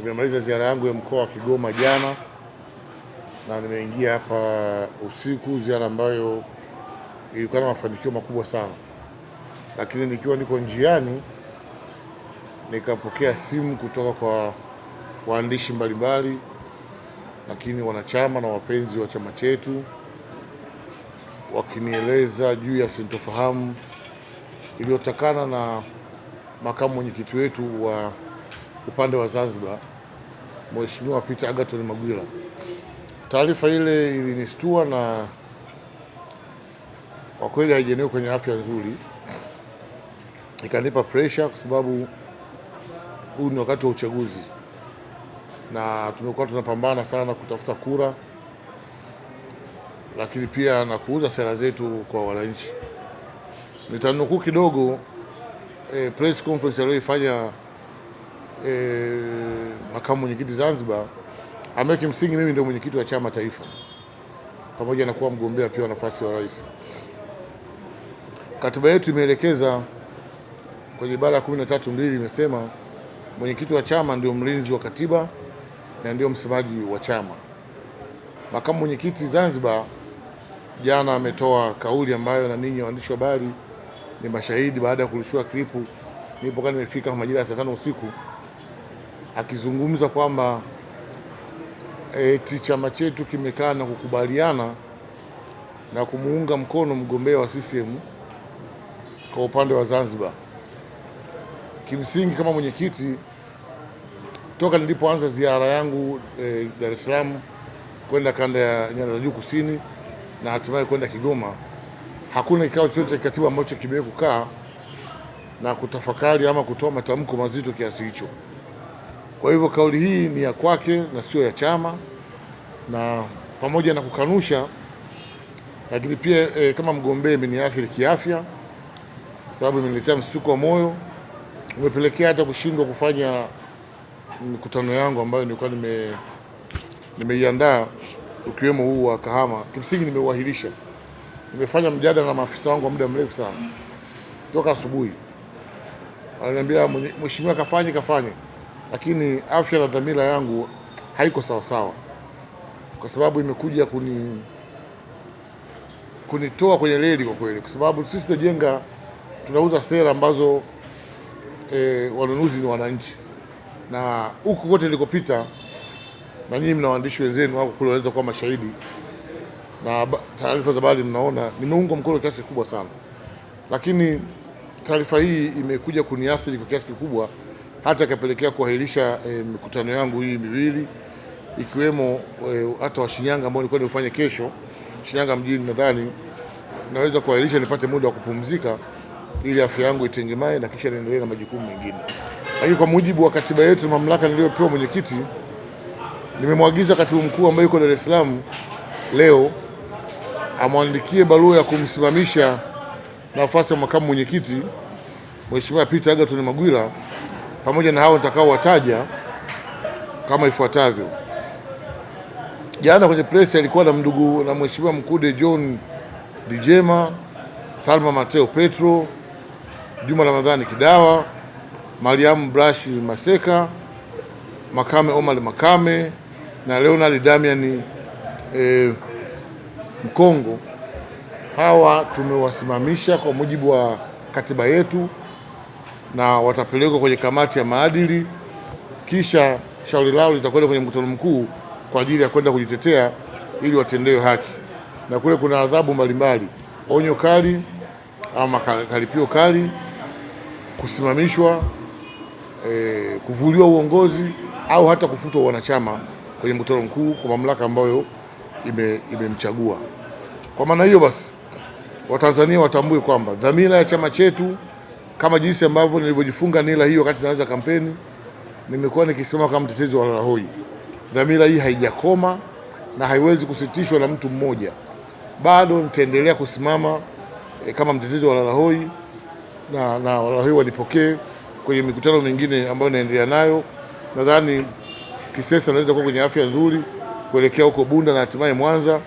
Nimemaliza ziara yangu ya mkoa wa Kigoma jana na nimeingia hapa usiku, ziara ambayo ilikuwa na mafanikio makubwa sana, lakini nikiwa niko njiani nikapokea simu kutoka kwa waandishi mbalimbali, lakini wanachama na wapenzi wa chama chetu wakinieleza juu ya sintofahamu iliyotokana na makamu mwenyekiti wetu wa upande wa Zanzibar Mheshimiwa Peter Agaton Magwira. Taarifa ile ilinistua na kwa kweli haijaniwa kwenye afya nzuri, ikanipa pressure kwa sababu huu ni wakati wa uchaguzi na tumekuwa tunapambana sana kutafuta kura, lakini pia na kuuza sera zetu kwa wananchi. Nitanukuu kidogo eh, press conference aliyoifanya e, makamu mwenyekiti Zanzibar ambayo kimsingi mimi ndio mwenyekiti wa chama taifa pamoja na kuwa mgombea pia nafasi ya rais. Katiba yetu imeelekeza kwenye ibara ya 13 mbili imesema mwenyekiti wa chama ndio mlinzi wa katiba na ndio msemaji wa chama. Makamu mwenyekiti Zanzibar jana ametoa kauli ambayo na ninyi waandishi wa habari ni mashahidi, baada ya kulishua klipu nilipokuwa nimefika majira ya saa tano usiku akizungumza kwamba eti chama chetu kimekaa na kukubaliana na kumuunga mkono mgombea wa CCM kwa upande wa Zanzibar. Kimsingi, kama mwenyekiti, toka nilipoanza ziara yangu e, Dar es Salaam kwenda kanda ya nyanda za juu kusini na hatimaye kwenda Kigoma, hakuna kikao chochote cha kikatiba ambacho kimewahi kukaa na kutafakari ama kutoa matamko mazito kiasi hicho. Kwa hivyo kauli hii ni ya kwake na sio ya chama, na pamoja na kukanusha, lakini pia e, kama mgombea imeniathiri kiafya, kwa sababu imeniletea msukumo wa moyo, umepelekea hata kushindwa kufanya mikutano yangu ambayo nilikuwa nime nimeiandaa ukiwemo huu wa Kahama. Kimsingi nimeuahirisha, nimefanya mjadala na maafisa wangu wa muda mrefu sana toka asubuhi, ananiambia mheshimiwa, kafanye kafanye lakini afya na dhamira yangu haiko sawasawa, kwa sababu imekuja kuni kunitoa kwenye reli kwa kweli, kwa sababu sisi tunajenga, tunauza sera ambazo e, wanunuzi ni wananchi, na huku kote nilikopita, na nyinyi mna waandishi wenzenu wako kule wanaweza kuwa mashahidi na taarifa za bali, mnaona, nimeungwa mkono kiasi kikubwa sana, lakini taarifa hii imekuja kuniathiri kwa kiasi kikubwa hata ikapelekea kuahirisha e, mikutano yangu hii miwili ikiwemo e, hata wa Shinyanga ambao nilikuwa nifanye kesho Shinyanga mjini. Nadhani naweza kuahirisha nipate muda wa kupumzika ili afya yangu itengemae na kisha niendelee na majukumu mengine. Lakini kwa mujibu wa katiba yetu, mamlaka niliyopewa mwenyekiti, nimemwagiza katibu mkuu ambaye yuko Dar es Salaam leo amwandikie barua ya kumsimamisha nafasi ya makamu mwenyekiti Mheshimiwa Peter Agaton Magwira pamoja na hao nitakaowataja kama ifuatavyo. Jana kwenye press alikuwa na mdugu na mheshimiwa Mkude John Dijema, Salma Mateo Petro, Juma Ramadhani Kidawa, Mariamu Brashi Maseka, Makame Omar Makame na Leonard Damian eh, Mkongo. Hawa tumewasimamisha kwa mujibu wa katiba yetu na watapelekwa kwenye kamati ya maadili, kisha shauri lao litakwenda kwenye mkutano mkuu kwa ajili ya kwenda kujitetea ili watendewe haki, na kule kuna adhabu mbalimbali, onyo kali ama karipio kali, kusimamishwa, e, kuvuliwa uongozi au hata kufutwa wanachama kwenye mkutano mkuu kwa mamlaka ambayo imemchagua ime. Kwa maana hiyo basi, Watanzania watambue kwamba dhamira ya chama chetu kama jinsi ambavyo nilivyojifunga nila hii wakati naanza kampeni, nimekuwa nikisema kama mtetezi wa walala hoi, dhamira hii haijakoma na haiwezi kusitishwa na mtu mmoja. Bado nitaendelea kusimama e, kama mtetezi wa walala hoi na, na walala hoi wanipokee kwenye mikutano mingine ambayo naendelea nayo. Nadhani Kisesa naweza kuwa kwenye afya nzuri kuelekea huko Bunda na hatimaye Mwanza.